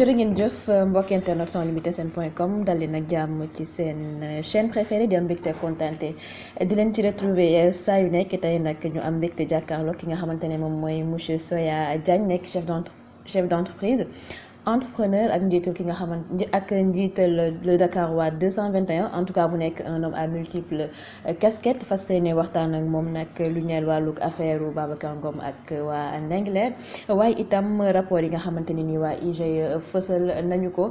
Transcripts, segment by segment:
jërë ngeen jëf mbokk internet sans limite seen point comme dal nag jàmm ci seen euh, chaîne préférée di am mbégte kontaante di leen ci retrouver euh, saa yu nekk tey nag ñu am mbégte jàkkaarloo ki nga xamante ne moom mooy monsieur Soya Diagne nekk chef d' chef d' entrepreneur ak njiital ki nga xamante ak njiital le Dakar waa 221 en tout cas bu nekk un homme à multiple casquette fas yéene waxtaan ak moom nag lu ñeel wàllug affaire Babacar Ngom ak waa Ndingler waaye itam rapport yi nga xamante ne ni waa IGE fësal nañu ko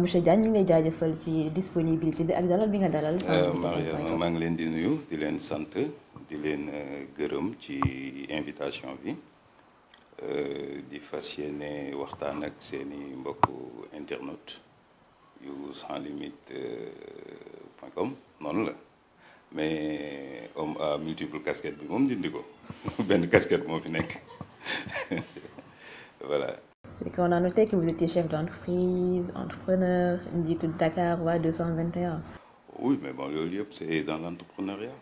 monsieur Diagne ñu ngi lay jaajëfal ci disponibilité bi ak dalal bi nga dalal. Euh, maa ngi leen di nuyu di leen sant di leen euh, gërëm ci invitation bi. Euh, di fas yéene waxtaan ak seeni mbokku internautes yu sans euh, com noonu la mais homme à multiple casquette bi moom dindi ko benn casquette moo fi nekk voilà. on a noté que vous étiez chef d'entreprise, entrepreneur, njiitu Dakar waa oui mais bon loolu yëpp c'est dans l'entrepreneuriat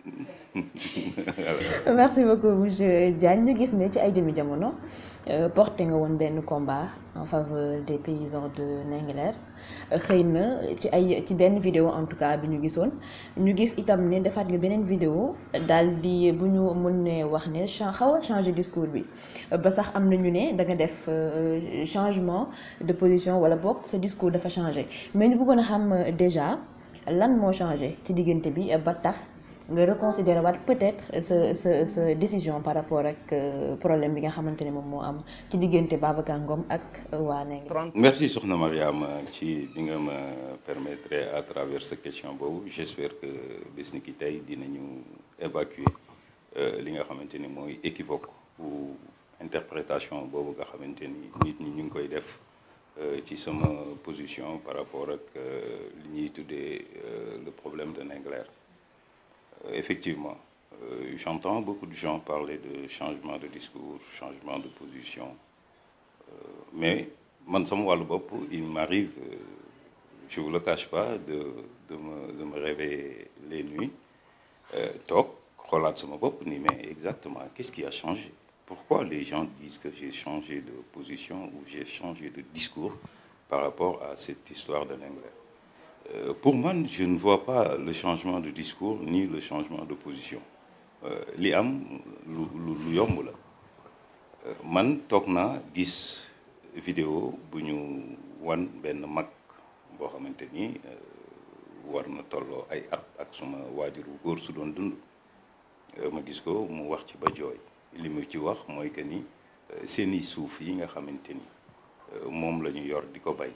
merci beaucoup monsieur Diagne ñu gis ne ci ay jëmi jamono euh, porté nga woon benn combat en faveur des paysans de Ndingler xëy na ci ay ci benn vidéo en tout cas bi ñu gisoon ñu gis itam ne defaat nga beneen vidéo daal di bu ñu ne wax ne xaw a changé discours bi ba sax am na ñu ne da nga def euh, changement de position wala boog sa discours dafa changé mais ñu bëggoon a xam euh, déjà lan moo changé ci diggante bi ba tax. nga reconsidérer waat peut-être sa décision par rapport ak euh, problème bi nga xamante ni moom moo am ci diggante Babacar Ngom ak euh, waa Nengue. merci soxna Mariama euh, ci bi nga ma permettre à travers sa question boobu j'espère que bés ni ki tey dinañu évacuer li nga xamante ni mooy équivoque ou interprétation boobu nga xamante ni nit ñi ñu ngi koy def. ci sama position par rapport ak li ñuy tuddee le problème de Ndingler Euh, effectivement, euh, j'entends beaucoup de gens parler de changement de discours, changement de position. Euh, mais, Mansam Walubopo, il m'arrive, euh, je ne vous le cache pas, de, de, me, de me, réveiller les nuits. Euh, Toc, ni mais exactement, qu'est-ce qui a changé Pourquoi les gens disent que j'ai changé de position ou j'ai changé de discours par rapport à cette histoire de l'anglais Euh, pour man je ne vois pas le changement de discours ni le changement de position euh, li am lu lu yomb la euh, man toog naa gis vidéo bu ñu wan benn mag boo xamante ni war na tolloo ay at ak suma waajur bu góor su doon dund ma gis ko mu wax ci ba jooy li mu ci wax mooy que ni seeni suuf yi nga xamante ni moom la ñu yor di ko bay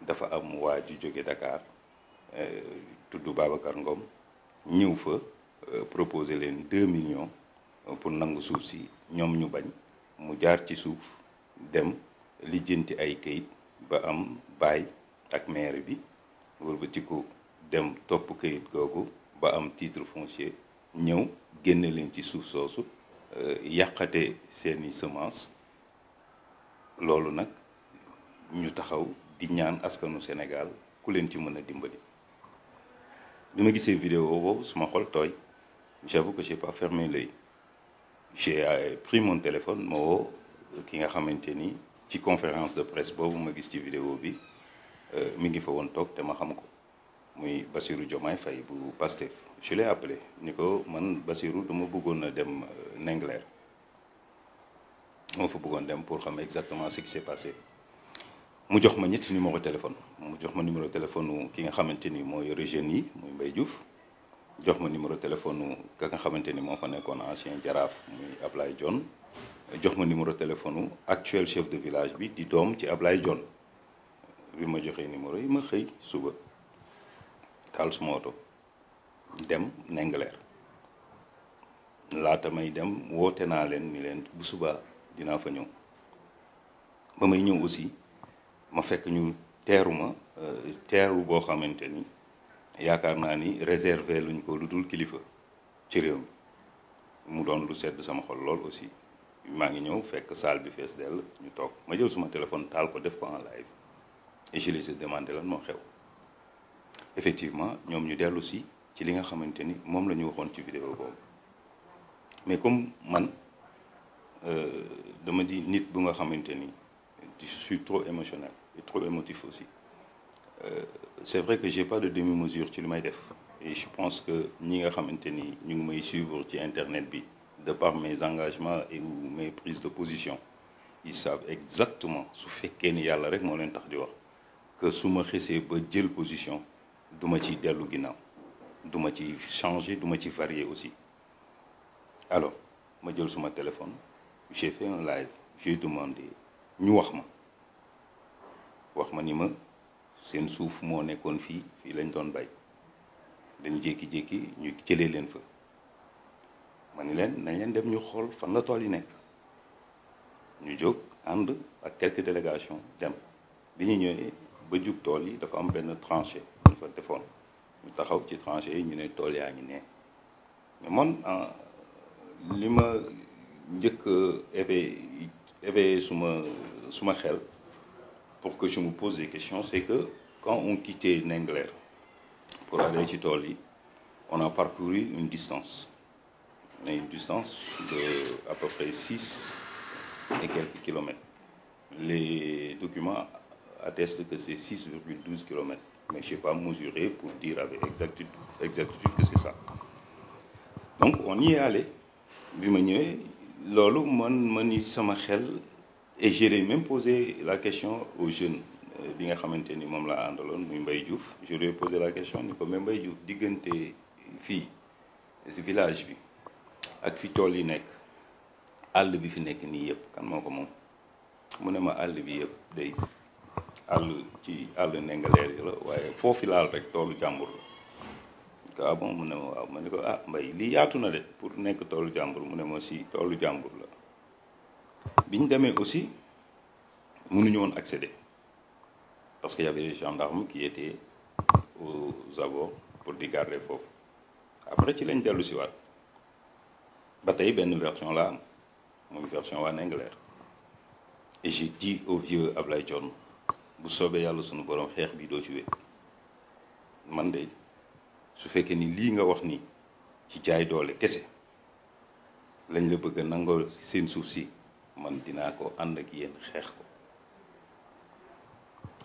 dafa am waa ju jóge dakaar Euh, tudd Babacar Ngom ñëw fa euh, proposer leen deux millions euh, pour nangu suuf si ñoom ñu bañ mu jaar ci suuf dem lijjanti ay kayit ba am baay ak maire bi wëlbatiku dem topp kayit googu ba am tiitre foncier ñëw génne leen ci suuf soosu yàqate seeni semence loolu nag ñu taxaw di ñaan askanu Sénégal ku leen ci mën a dimbali bi ma gisee vidéo boobu su ma xol tooy j'avoue que j'ai pas fermé l'œil j'ai euh, pris mon téléphone moo euh, ki nga xamante ni ci conférence de presse boobu ma gis ci vidéo bi euh, mi ngi fa woon toog te ma xam ko muy Bassirou Diomaye fay bu Pastef je l'ai appelé ni ko man Bassirou dama bëggoon a dem Ndingler moo fa bëggoon dem pour xam exactement ce qui s'est passé mu jox ma ñetti numéro téléphone mu jox ma numéro téléphone ki nga xamante ni moo yore jeunes yi Mbaye Diouf jox ma numéro téléphone ka nga xamante ni moo fa nekkoon ancien jaraaf muy Ablaye John jox ma numéro téléphone actuel chef de village bi di doom ci Ablaye jon bi ma joxee numéro yi ma xëy suba taal suma oto dem Ndingler laata may dem woote naa leen ni leen bu subaa dinaa fa ñëw ba may ñëw aussi ma fekk ñu teeru ma euh, teeru boo xamante ni yaakaar naa ni réserver luñ ko lu dul kilifa ci réew mu doon lu sedd sama xol lool aussi maa ngi ñëw fekk salle bi fees dell ñu toog ma jël suma téléphone taal ko def ko en live et je les ai demandé lan moo xew effectivement ñoom ñu dellu si ci li nga xamante ni moom la ñu waxoon ci vidéo boobu mais comme man euh, dama di nit bu nga xamante ni je suis trop émotionnel et trop émotif aussi. Euh, c'est vrai que j'ai pas de demi-mesure ci li may def je pense que ñi nga xamante ni ñu ngi may suivre ci internet bi de par mes engagements et ou mes prises de position ils savent exactement su fekkee ni yàlla rek moo leen tax di wax que su ma xesee ba jël position du ma ci dellu ginnaaw duma ci changer duma ma ci varier aussi alors ma jël suma téléphone j'ai fait un live j'ai demandé ñu wax ma wax ma ni ma seen suuf moo nekkoon fii fii lañ doon bay dañu jékki-jékki ñu jëlee leen fa ma ni leen nañ leen dem ñu xool fan la tool yi nekk ñu jóg ànd ak quelques délégation dem bi ñu ñëwee ba jub tool yi dafa am benn tranchée buñ defoon ñu taxaw ci tranchée yi ñu ne tool yaa ngi nee mais man euh, li ma njëkk éve éveillé suma suma xel pour que je me pose des questions, c'est que quand on quittait Nengler pour ah. aller à Chitoli, on a parcouru une distance. une distance de à peu près 6 et quelques kilomètres. Les documents attestent que c'est 6,12 kilomètres. Mais je n'ai pas mesuré pour dire avec exactitude, exactitude que c'est ça. Donc on y est allé. bi ma ñëwee loolu man ma ni sama xel et j'aurais même posé la question aux jeunes euh, bi nga xamante ni moom laa àndaloon muy mbay Diouf j'aurais posé la question ni ko mais Mbaye Diouf diggante fii si village bi ak fi tool yi nekk àll bi fi nekk nii yëpp kan moo ko moom mu ne ma àll bi yëpp day àll ci àll nengaleer yi la waaye foofu laal rek toolu jàmbur la ah bon mu ne ma waaw ma ne ko ah mbay lii yaatu na de pour nekk toolu jàmbur mu ne ma si toolu jàmbur la bi ñu demee aussi mënuñu woon accéder parce que y avait des gendarmes qui étaient aux pour di garder foofu après ci lañ dellu si waat ba tey benn version la am mooy version waa Ndingler et j'ai dit au vieux Ablaye John bu soobee yàlla sunu borom xeex bi doo ci wéet man de su fekkee ni lii nga wax ni ci jaay doole kese lañ la bëgg a nangoo seen suuf si man dinaa ko ànd ak yéen xeex ko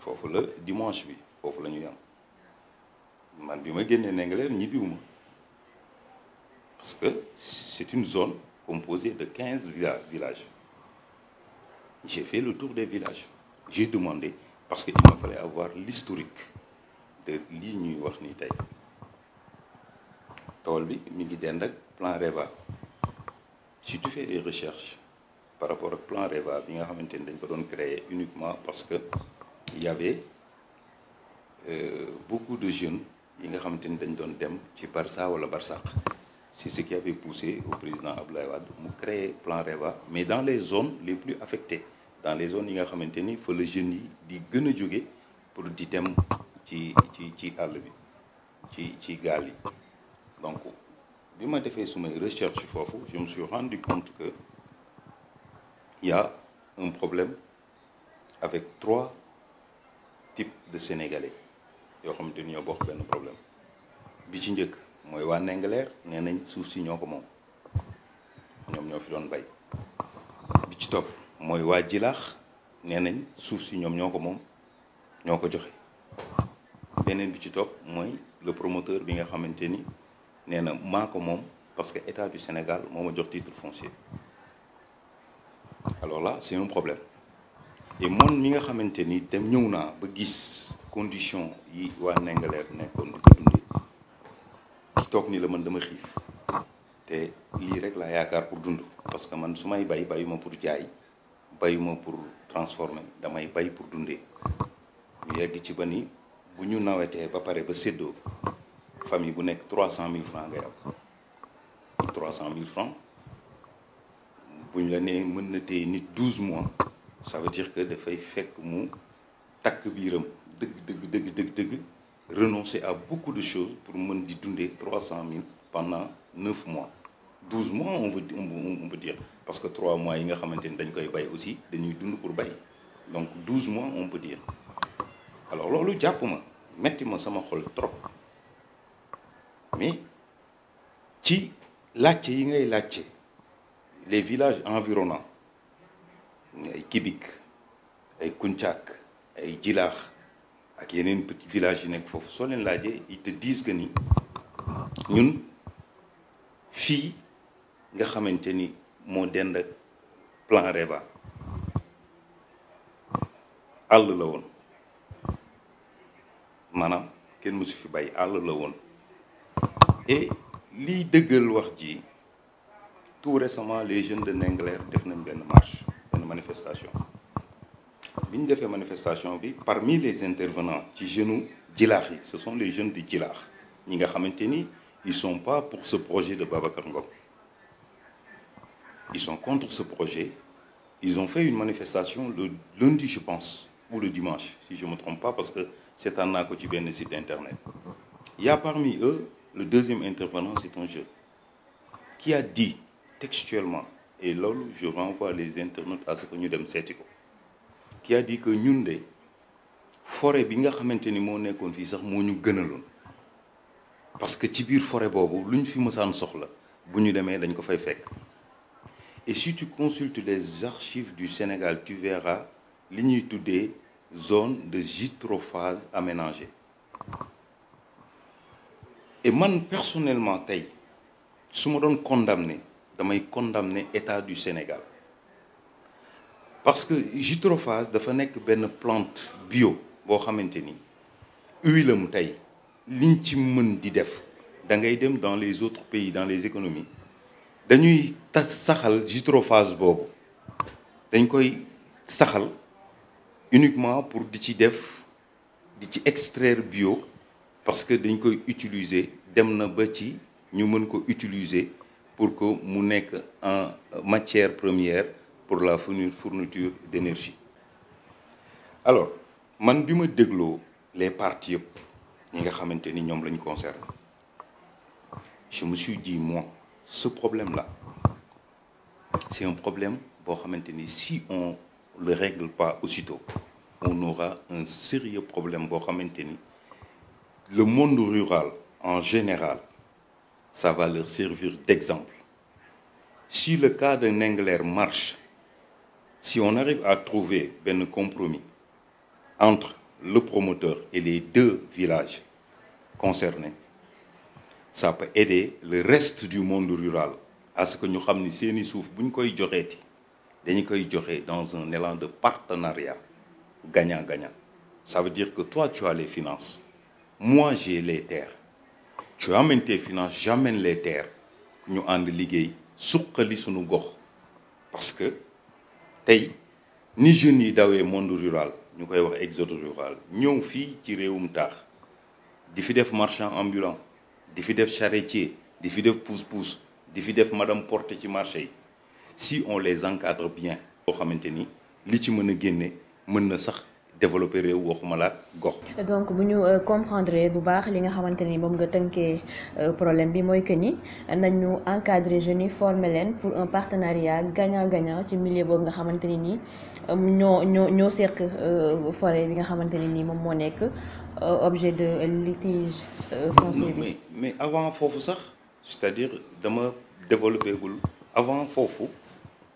foofu la dimanche bi foofu la ñu yam man bi ma génnee Ndingler ñibbiwuma parce que c'est une zone composée de quinze villages j'ai fait le tour des villages j'ai demandé parce que il me fallait avoir l'historique de lii ñuy wax ni tey tool bi mi ngi dend ak plan REVA si tu des recherches par rapport ak plan REVA bi nga xamante ni dañ ko doon créer uniquement parce que y avait euh, beaucoup de jeunes yi nga xamante ni dañ doon dem ci Barça wala Barsaq c'est ce qui avait poussé au président Abdoulaye Wade mu créer plan REVA mais dans les zones les plus affectées dans les zones yi nga xamante ni fa la jeunes yi di gën a jóge pour di dem ci ci ci àll bi ci ci gaal yi donc bi ma defee suma recherche foofu je me suis rendu compte il y problème avec trois types de sénégalais yoo xamante ni ñoo benn problème bi ci njëkk mooy waa Ndingler nee nañ suuf si ñoo ko moom ñoom ñoo fi doon bay bi ci topp mooy waa Jilaax nee nañ suuf si ñoom ñoo ko moom ñoo ko joxe beneen bi ci topp mooy le promoteur bi nga xamante ni nee na maa ko moom parce que état du Sénégal moo ma jox titre foncier. alors là c'est un problème moom mi nga xamante ni dem ñëw naa ba gis condition yi waa Ndingler nekkoon di ko dundee ki toog ni la man dama xiif te lii rek laa yaakaar pour dund parce que man su may bay bayuma pour jaay bayuma pour transformer damay bay pour dundee ñu yegg ci ba ni bu ñu nawetee ba pare ba séddoo famille bu nekk trois cent mille francs ngay am trois cent mille francs bu ñu la nee mën na téye nit douze mois ça veut dire que dafay fekk mu takk biiram dëgg dëgg dëgg dëgg dëgg renoncer à beaucoup de choses pour mën di dundee trois cent mille pendant neuf mois douze mois on peut dire parce que trois mois yi nga xamante ni dañ koy bay aussi dañuy dund pour bay donc douze mois on peut dire alors loolu jàpp ma metti ma sama xol trop mais ci laajte yi ngay laajte les villages environnants ay Kibik ay Kunchak ay Jilaax ak yeneen petit village yi nekk foofu soo leen laajee ils te disent que ni ñun fii nga xamante ni moo dend ak plan REVA àll la woon maanaam kenn mësu fi bay àll la woon et liy dëggal wax ji tout récemment les jeunes de Ndingler def nañ benn marche benn manifestation bi ñu defee manifestation bi parmi les intervenants ci jeunes jilaax yi ce sont les jeunes di jilaax ñi nga xamante ni ils sont pas pour ce projet de Babacar Ngom ils sont contre ce projet ils ont fait une manifestation le lundi je pense ou le dimanche si je me trompe pas parce que seetaan naa ko ci benn site internet il y a parmi eux le deuxième intervenant c'est un jeune qui a textuellement et loolu je renvoie les internautes à ce que ñu dem seeti ko ki a dit que ñun de forêt bi nga xamante ni moo nekkoon fii sax moo ñu gënaloon parce que ci biir forêt boobu lu ñu fi mësaan soxla bu ñu demee dañ ko fay fekk et si tu consultes les archives du Sénégal tu verras li ñuy tuddee zone de gytrophase aménagée et man personnellement tey su ma doon condamné damay condamner état du Sénégal parce que gytrophase dafa nekk benn plante bio boo xamante ni huile am tey liñ ci mën di def da ngay dem dans les autres pays dans les économies dañuy tas saxal gytrophase boobu dañ koy saxal uniquement pour di ci def di ci extraire bio parce que dañ koy utiliser dem na ba ci ñu mën ko utiliser pour que mu nekk en matière première pour la fourniture d'énergie alors man bi ma dégloo les parties yëpp ñi nga xamante ni ñoom la ñu concerné je me suis dit moi ce problème là c'est un problème boo xamante ni si on le règle pas aussitôt on aura un sérieux problème boo xamante ni le monde rural en général ça va leur servir d'exemple. Si le cas de Nengler marche, si on arrive à trouver un compromis entre le promoteur et les deux villages concernés, ça peut aider le reste du monde rural à ce que nous savons seeni suuf buñ koy joxéti dañ koy joxé dans un élan de partenariat gagnant-gagnant. Ça veut dire que toi tu as les finances, moi j'ai les terres. tu amènes tes finances j'amène les terres ñu ànd liggéey suqali suñu gox parce que tey ni jeunes yi dawee monde rural ñu koy wax exode rural ñëw fii ci réewum taax di fi def marchand ambulant di fi def charretier di fi def pousse-pousse di fi def madame porte ci marché yi si on les encadre bien. boo xamante ni li ci mën a génne mën na sax. développé réew waxuma la gox. donc bu ñu euh, comprendre bu baax li nga xamante ni moom nga tënkee euh, problème bi mooy que ni nañu encadrer jeunes yi former leen pour un partenariat gagnant-gagnant ci milieu boobu nga xamante ni nii euh, ñoo ñoo ñoo seq forêt bi nga xamante ni nii moom moo nekk objet de litige foncier bi. mais avant foofu sax c'est-à-dire dama développé gul avant foofu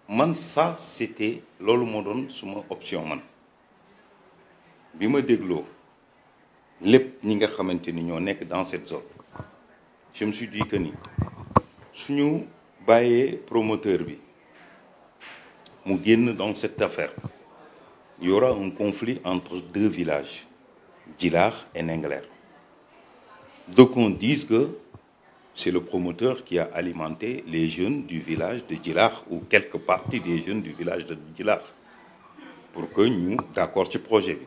man ça c'était loolu moo doon suma option man. bi ma dégloo lépp ñi nga xamante ni ñoo nekk dans cette zone je me suis dit que ni suñu bàyyee promoteur bi mu génn dans cette affaire il y aura un conflit entre deux villages Djilakh et Ndingler donc on dise que c'est le promoteur qui a alimenté les jeunes du village de Djilakh ou quelques partie des jeunes du village de Djilakh pour que ñu d'accord ci projet bi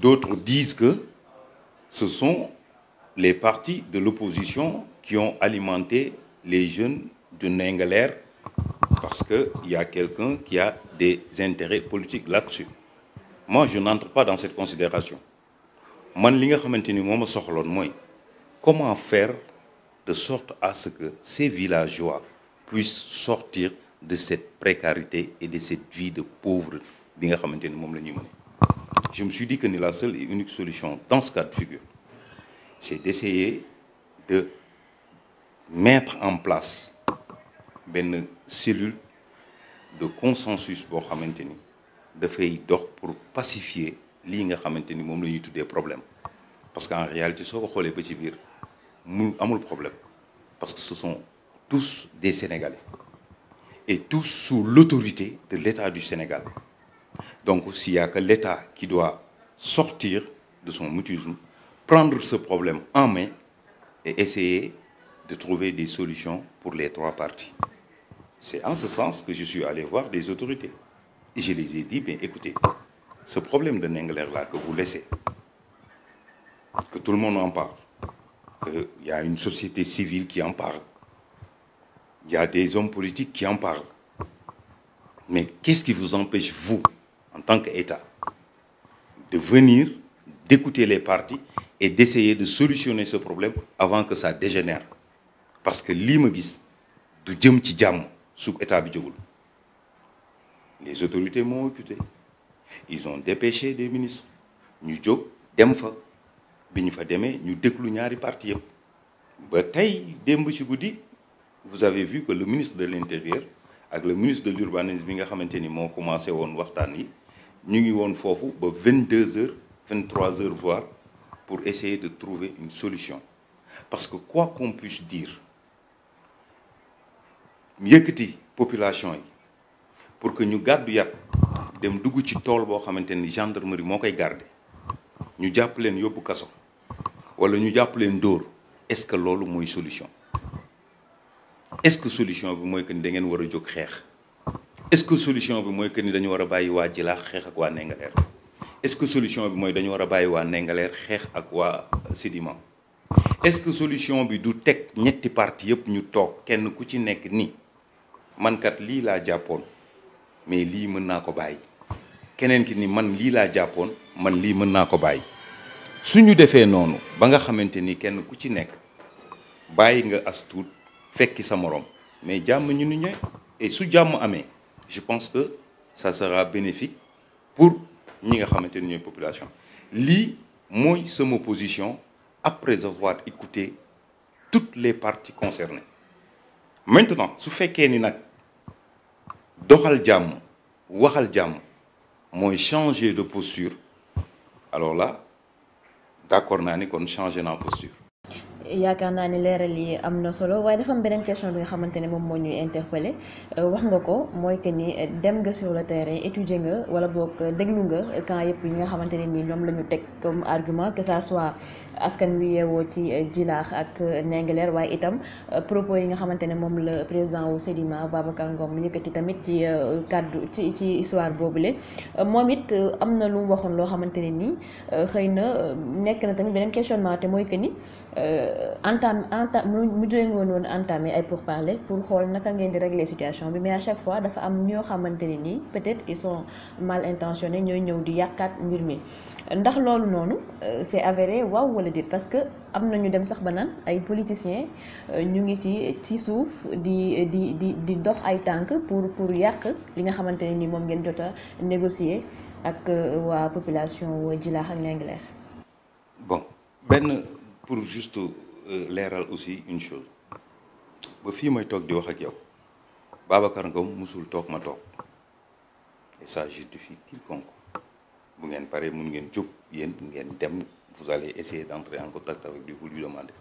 D'autres disent que ce sont les partis de l'opposition qui ont alimenté les jeunes de Nengalère parce qu'il y a quelqu'un qui a des intérêts politiques là-dessus. Moi, je n'entre pas dans cette considération. Man li nga xamante ni moo ma soxloon mooy comment faire de sorte à ce que ces villageois puissent sortir de cette précarité et de cette vie de pauvre bi nga xamante ni moom la ñuy mën Je me suis dit que la seule et unique solution dans ce cas de figure, c'est d'essayer de mettre en place benn cellule de consensus boo xamante ni dafay dox pour pacifier lii nga xamante ni moom la ñuy tuddee problème parce que en réalité soo ko xoolee ba ci biir mu amul problème parce que ce sont tous des Sénégalais et tous sous l'autorité de l'État du Sénégal Donc s'il n'y a que l'État qui doit sortir de son mutisme, prendre ce problème en main et essayer de trouver des solutions pour les trois parties. C'est en ce sens que je suis allé voir des autorités. Et je les ai dit, bien écoutez, ce problème de Nengler-là que vous laissez, que tout le monde en parle, qu'il y a une société civile qui en parle, il y a des hommes politiques qui en parlent. Mais qu'est-ce qui vous empêche, vous, en tant que qu'État, de venir, d'écouter les partis et d'essayer de solutionner ce problème avant que ça dégénère. Parce que lii ma gis du jëm ci jàmm sous État Les autorités m'ont occupé. Ils ont dépêché des ministres. ñu jóg dem fa. Bi ñu fa demee ñu déglu ñaari parti yépp. Ba tay demb ci goudi, vous avez vu que le ministre de l'Intérieur avec le ministre de l'Urbanisme bi nga xamante ni moo commencé won waxtaan yi ñu ngi woon foofu ba vingt deux heures vingt trois heures voire pour essayer de trouver une solution parce que quoi qu'on puisse diir yëkkati population yi pour que ñu gàddu yàq dem dugg ci tool boo xamante ni gendarmerie moo koy garder ñu jàpp leen yóbbu kaso wala ñu jàpp leen dóor est-ce que loolu mooy solution est-ce que solution bi mooy que ni da ngeen war a jóg xeex. est-ce que solution bi mooy que ni dañu war a bàyyi waa Jilaax xeex ak waa Ndingler est-ce que solution bi mooy dañu a bàyyi waa Ndingler xeex ak waa Sedima est-ce que solution bi du teg ñetti parti yëpp ñu toog kenn ku ci nekk ni mankat lii laa jàppoon mais lii mën naa ko bàyyi keneen ki ni man lii laa jàppoon man lii mën naa ko bàyyi suñu defee noonu ba nga xamante ni kenn ku ci nekk bàyyi nga as tuut fekki sa morom mais jàmm ñu nu ñëw su jàmm amee je pense que ça sera bénéfique pour ñi nga xamante ni ñooy population lii mooy sama position après avoir écouté toutes les parties concernées maintenant su fekkee ni nag doxal jàmm waxal jàmm mooy changer de posture alors là d'accord naa ni kon changer naa posture yaakaar naa ni leeral yi am na solo waaye dafa beneen question bi nga xamante ne moom moo ñuy interpellé euh, wax nga ko mooy que ni dem nga sur le terrain étudier nga wala boog déglu nga camp yëpp yi nga xamante ne nii ñoom la ñu teg comme argument que ça soit askan wi yeewoo ci euh, jilaax ak Ndingler waaye itam euh, propos yi nga xamante ne moom la président wu Sedima Babacar Ngom yëkkati tamit ci kàddu ci ci boobu boobule moom it am na lu waxoon loo xamante ne nii xëy na nekk na tamit beneen questionnement mooy que ni. entame euh, entame mu jëngoon woon entamé ay pourparlers pour xool naka ngeen di régler situation bi mais à chaque fois dafa am ñoo xamante ne nii peut-être ils sont mal intentionnés ñooy ñëw di yàqaat mbir mi ndax loolu noonu euh, c'est avéré waaw wala déet parce que am na ñu dem sax ba naan ay politiciens euh, ñu ngi ci ci suuf di di di di dox ay tànk pour pour yàq li nga xamante ne ni moom ngeen jot a négocier ak waa population Djilakh ak Ndingler. bon pour juste euh, leeral aussi une chose ba fii may toog di wax ak yow Babacar Ngom musul toog ma toog et ça justifie quiconque bu ngeen paree mun ngeen jóg yéen ngeen dem vous allez essayer d'entrer en contact avec lui vous lui demandez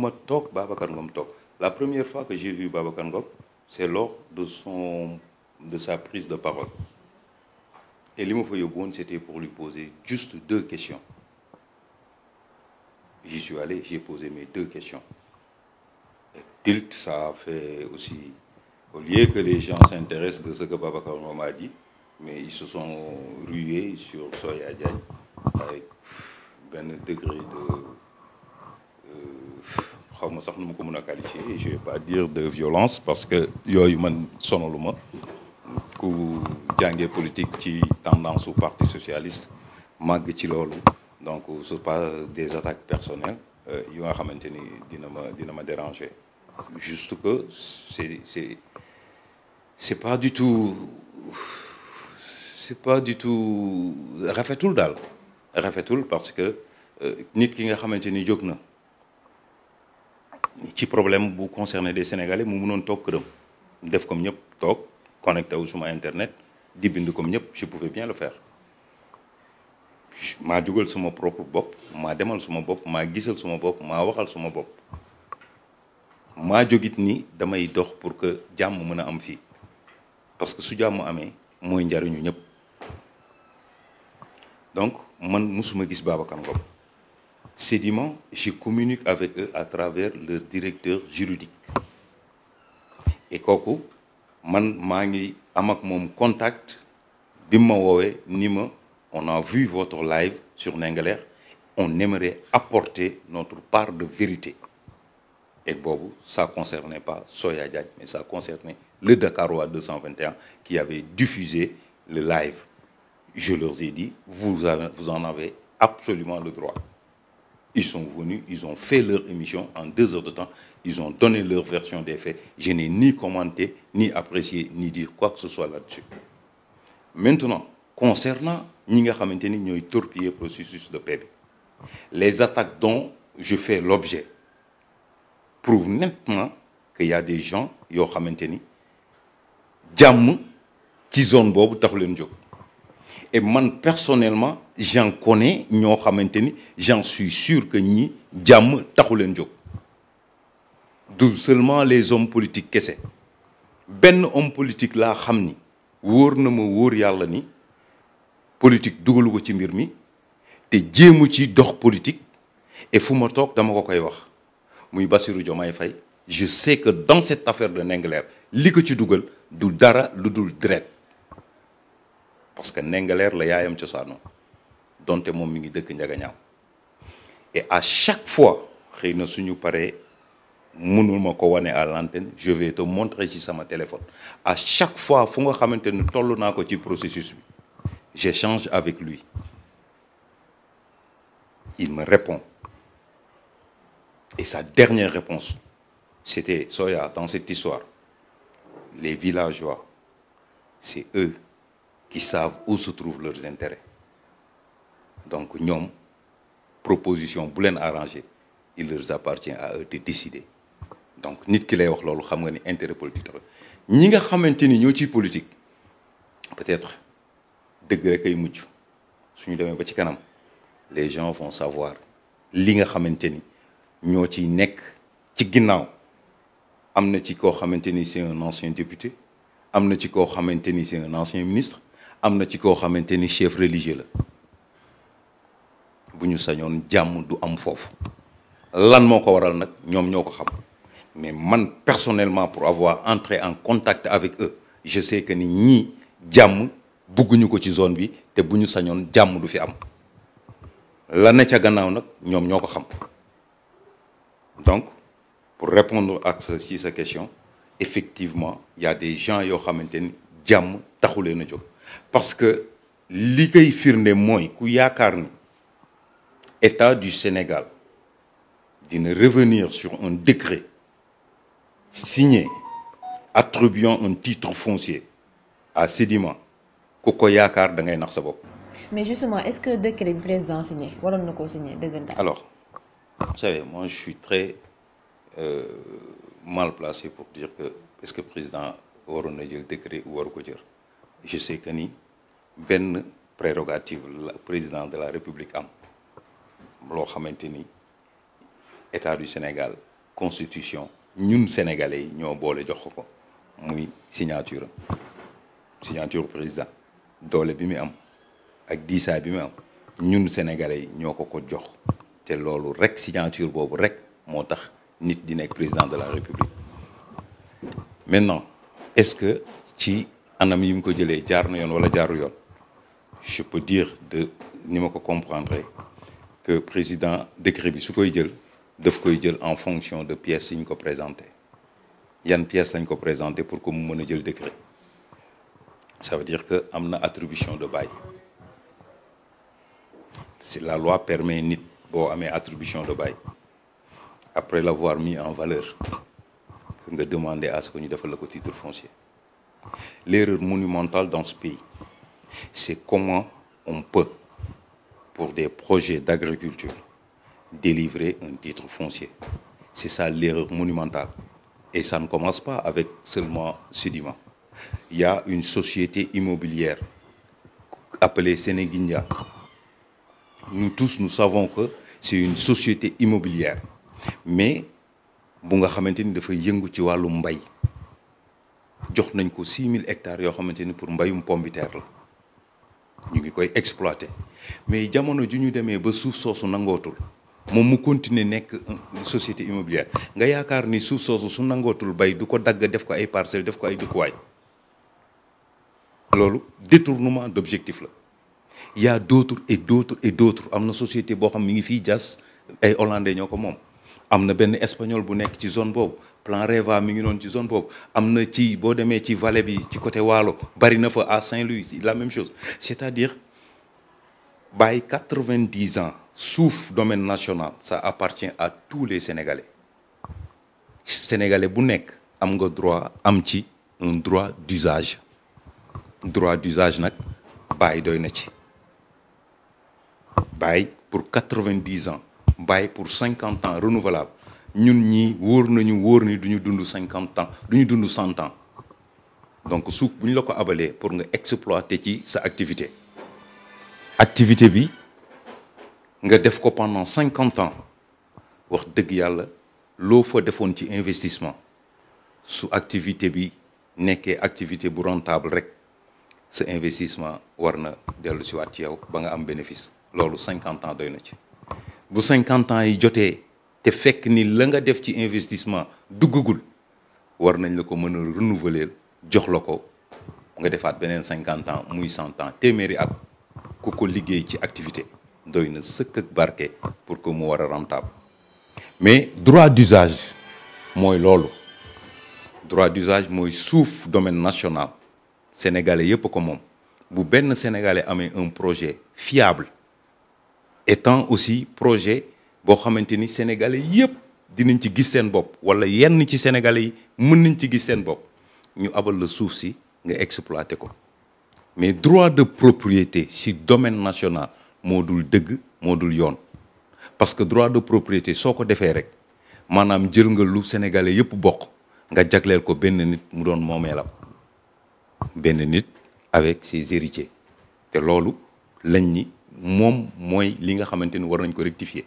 ma toog Babacar Ngom toog la première fois que j'ai vu Babacar Ngom c'est lors de son de sa prise de parole et li ma fa yóbbu woon c'était pour lui poser juste deux questions j'y suis allé, j'ai posé mes deux questions. Et tilt, ça a fait aussi, au lieu que les gens s'intéressent de ce que Baba Karma a dit, mais ils se sont rués sur Soya Diagne avec un degré de. Euh, xaw ma sax nu ma ko mën a qualifier je vais pas dire de violence parce que yooyu man sonaluma ku jàngee politique ci tendance au parti socialiste màgg ci loolu. donc ce pas des attaques personnelles euh, yu nga xamante ni dina ma dina ma déranger juste que c'est c'est c'est pas du tout c'est pas du tout rafetul daal rafetul parce que euh, nit ki nga xamante ni jóg na ci problème bu concerné des Sénégalais mu mënoon toog këram def comme ñëpp toog connecté wu suma internet di bind comme ñëpp je pouvais bien le faire maa jógal suma propre bopp maa demal suma bopp maa gisal suma bopp maa waxal suma bopp maa jógit nii damay dox pour que jàmm mën a am fii parce que su jàmm amee mooy njariñu ñëpp donc man musuma gis Babacar Ngom Sediment je communique avec eux à travers leur directeur juridique et kooku man maa ngi am ak moom contact bi ma woowee ni ma on a vu votre live sur Ndingler on aimerait apporter notre part de vérité et boobu ça concernait pas Soya Diagne mais ça concernait le Dakarois 221 qui avait diffusé le live je leur ai dit vous avez, vous en avez absolument le droit ils sont venus ils ont fait leur émission en deux heures de temps ils ont donné leur version des faits je n'ai ni commenté ni apprécié ni dit quoi que ce soit là-dessus concernant ñi nga xamante ni ñooy torpiller processus de paix les attaques dont je fais l'objet prouvent nettement que y des gens yoo xamante ni jàmm ci zone boobu taxu leen jóg et man personnellement j'en connais ñoo xamante ni j'en suis sûr que ñi jàmm taxu leen jóg du seulement les hommes politiques kese benn homme politique laa xam ni wóor na ma wóor yàlla ni politique dugalu ko ci mbir mi te jéemu ci dox politique et fu ma toog dama ko koy wax muy Bassirou Diomaye fay je sais que dans cette affaire de Ndingler li ko ci dugal du dara lu dul dret parce que Ndingler la yaayam cosaanoo donte moom mi ngi dëkk Ndiaganiao et à chaque fois xëy na suñu paree mënul ma ko wane à l'antenne je vais te montrer ci sama téléphone à chaque fois fu nga xamante ne toll naa ko ci processus bi J'échange avec lui. Il me répond. Et sa dernière réponse, c'était Soya, dans cette histoire, les villageois, c'est eux qui savent où se trouvent leurs intérêts. Donc, ñoom proposition bu leen arrangé il leur appartient à eux de donc nit ki lay wax loolu xam nga ni intérêt politique dafa ñi nga xamante ni ñoo ciy politique peut-être. dëgg rek ay mujj suñu demee ba ci kanam les gens vont savoir li nga xamante ni ñoo ciy nekk ci ginnaaw am na ci koo xamante ni c'est un ancien député am na ci koo xamante ni c'est un ancien ministre am na ci koo xamante ni chef religieux la bu ñu sañoon jàmm du am foofu lan moo ko waral nag ñoom ñoo ko xam mais man personnellement pour avoir entré en contact avec eux je sais que ni ñii jàmm bugguñu ko ci zone bi te bu ñu sañoon jàmm lu fi am la ne ca gannaaw nag ñoom ñoo ko xam donc pour répondre ak sa sa question effectivement y de des gens yoo xamante ni jàmm taxu leen a jóg parce que li koy firnde mooy ku yaakaar ni état du Sénégal dina revenir sur un décret signé attribuant un titre foncier à Sédima ku ko yaakaar da ngay nax sa bopp. mais justement est-ce que décret bi président signé waroon na koo signé dëggantaan. alors vous savez moi je très euh, mal placé pour dire que est-ce que président waroon na jël décret ou waru ko jël je sais que ni benn prérogative la président de la république am loo xamante ni état du Sénégal constitution ñun sénégalais yi ñoo boole jox ko ko muy signature signature président. doole bi mu am ak diisaay bi mu am ñun sénégalais yi ñoo ko ko jox te loolu rek signature boobu rek moo tax nit di nekk président de la république maintenant est-ce que ci anam yi mu ko jëlee jaar na yoon wala jaarul yoon je peut dire de ni ma ko comprendre que président décret bi su koy jël daf koy jël en fonction de pièces yi ñu ko présenté yan pièces lañ ko présenté pour que mu mën a jël décret ça veut dire que am na attribution de bail si la loi permet nit boo amee attribution de bail après l'avoir mis en valeur que nga demander à ce que ñu defal la ko titre foncier l'erreur monumentale dans ce pays c'est comment on peut pour des projets d'agriculture délivrer un titre foncier c'est ça l'erreur monumentale et ça ne commence pas avec seulement Sedima il une société immobilière appelée Sénéguindia. Nous tous, nous savons que c'est une société immobilière. Mais, bu nga xamante ni dafa yëngu ci wàllu mbay jox nañ ko mille hectares yoo xamante ni pour mbayum pombiteer la ñu ngi koy exploiter mais jamono ju ñu demee ba suuf soosu nangootul moom mu continuer nekk société immobilière nga yaakaar ni suuf soosu su nangootul bay du ko dagg def ko ay parcelles def ko ay dëkkuwaay loolu détournement d'objectif la y a d'autres et d'autres et d'autres am na société boo xam mi ngi fii jas ay hollandais ñoo ko moom am na benn espagnol bu nekk ci zone boobu plan Reva mi ngi noonu ci zone boobu am na ci boo demee ci vale bi ci côté walo bari na fa à Saint-Louis la même chose c'est-à-dire bàyyi quatre-vingt-dix ans suuf domaine national sa appartient à tous les Sénégalais Sénégalais bu nekk am nga droit am ci un droit d'usage droit d'usage nag bàyyi doy na ci bàyyi pour quatre-vingt-dix ans bàyyi pour cinquante ans renouvelable ñun ñi wóor nañu wóor ni du ñu dund cinquante ans du ñu dund cent ans donc su bu la ko abalee pour nga exploiter ci sa activité activité bi nga def ko pendant cinquante ans wax dëgg yàlla loo fa defoon ci investissement su activité bi nekkee activité bu rentable rek sa investissement war na dellu si waat ci yow ba nga am bénéfice loolu cinquante ans doy na ci bu cinquante ans yi jotee te fekk ni la nga def ci investissement duggagul war nañ la ko mën a renouveler jox la ko nga defaat beneen cinquante ans muy cent ans téeméeri at ku ko liggéey ci activité doy na sëkk ak barke pour que mu war a rentable mais droit d'usage mooy loolu droit d'usage mooy suuf domaine national sénégalais yëpp ko moom bu benn sénégalais amee un projet fiable étant aussi projet boo xamante ni sénégalais yëpp dinañ ci gis seen bopp wala yenn ci sénégalais yi mën nañ ci gis seen bopp ñu abal la suuf si nga exploité ko mais droit de propriété si domaine national moo dul dëgg moo dul yoon parce que droit de propriété soo ko defee rek maanaam jël nga lu sénégalais yëpp bokk nga jagleel ko benn nit mu doon moomeelam benn nit avec ses héritiers te loolu lañ ni moom mooy li nga xamante ni war nañ ko rectifier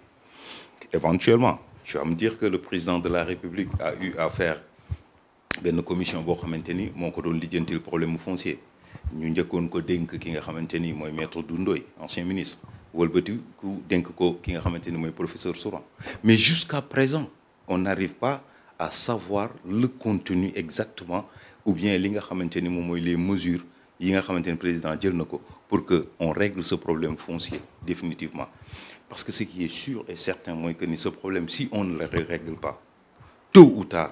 éventuellement je vais me dire que le président de la république a eu à benn commission boo xamante ni moo ko doon lijjantil problème mu foncier ñu njëkkoon ko dénk ki nga xamante ni mooy maître Doundoy ancien ministre wëlbati ku dénk ko ki nga xamante ni mooy professeur Souran mais jusqu'à présent on n'arrive pas à savoir le contenu exactement ou bien li nga xamante ni moom mooy les mesures yi nga xamante ni président jël na ko pour que on règle ce problème foncier définitivement parce que ce qui est sûr et certain mooy que ni ce problème si on ne le règle pas tôt ou tard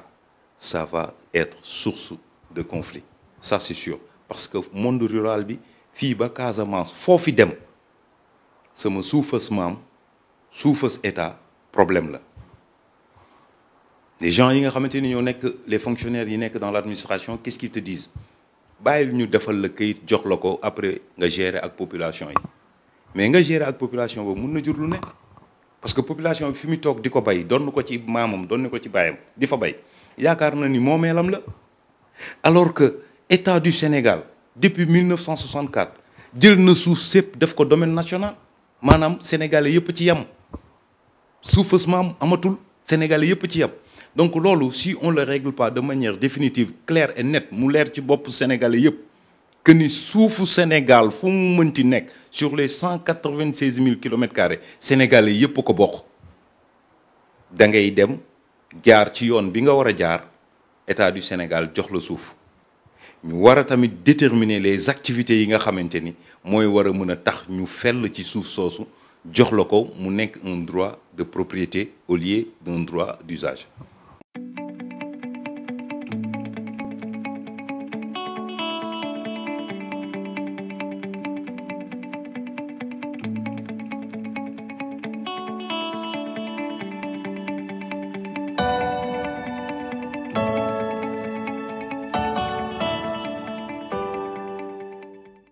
ça va être source de conflit ça c'est sûr parce que monde rural bi fii ba Casamance fi dem sama suufas maam suufas état problème la les gens yi nga xamante ni ñoo nekk les fonctionnaires yi nekk dans l'administration qu'est-ce qu'ils te disent bàyyil ñu defal la kayit jox la ko après nga gérer ak population yi mais nga gérer ak population boobu mun na jur lu ne parce que population bi fi mu toog di ko bay doon ko ci maamam doon ko ci baayam di fa bay yaakaar na ni moo moomeelam la alors que état du Sénégal depuis 1964 jël na suuf sépp def ko domaine national maanaam sénégalais yëpp ci yam suuf maam amatul sénégalais yëpp ci yam donc loolu si on le règle pas de manière définitive claire et nette mu leer ci bopp sénégalais yëpp que ni suufu Sénégal fu mu mënti nekk sur les cent quatre vingt seize mille kilomètres carrés sénégalais yëpp ko bokk da ngay dem jaar ci yoon bi nga war a jaar état du Sénégal jox la suuf ñu war a tamit déterminer les activités yi nga xamante ni mooy war a mën a tax ñu fell ci suuf soosu jox la ko mu nekk un droit de propriété au lieu d'un droit d'usage